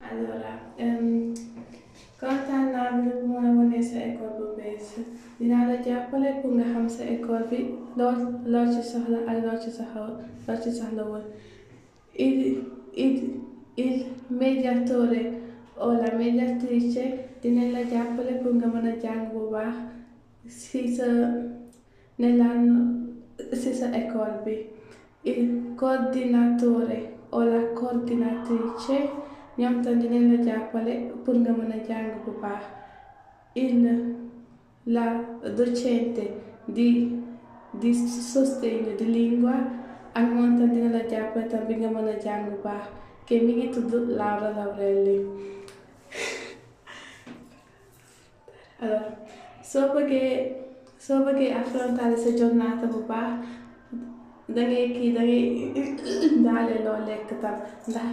Allora, um, kontaan xam sa école bi loo loo ci soxla ak il mediatore o la mediatrice dina la jàppale pour nga mën jàng bu baax si sa ne il coordinatore o la coordinatrice ñoom tam dinañ la jàppale pour nga mën a jàng bu baax il la docente di di sostegno di lingua ak moom tam dina la jàppale tam bi nga mën a jàng bu baax kenn mi ngi tudd Laura Laurelli alors soo bëggee soo bëggee affrontale sa journata bu baax dangay kii dangay daale loo lekk tam ndax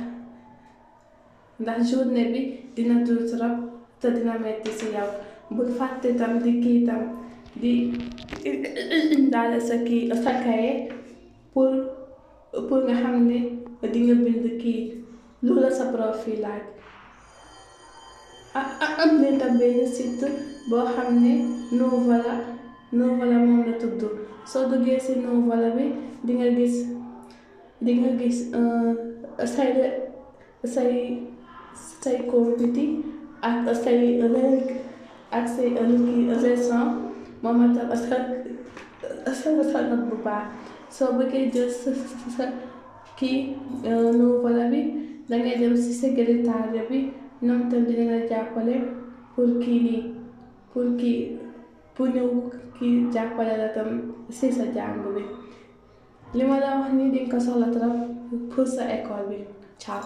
ndax journée bi dina dul trop te dina metti ci yow bul fàtte tam di kii tam di indaale sa kii sa kaye pour pour nga xam ne di bind kii lu sa prof ah, ah, am ne tam benn site boo xam ne Nouvala Nouvala moom la tudd soo duggee ci Nouvala bi di gis di gis euh, say say say kóolute ak say ak say récent moom itam sa sa sa note bu baax soo bëggee jël sa sa kii euh, numéro bi dangay dem si secrétaire bi ñoom itam dina jàppale pour kii nii pour kii pour ñëw jàppale la tam si sa jàng bi li ma la wax nii dinga ko trop pour sa école bi ciao.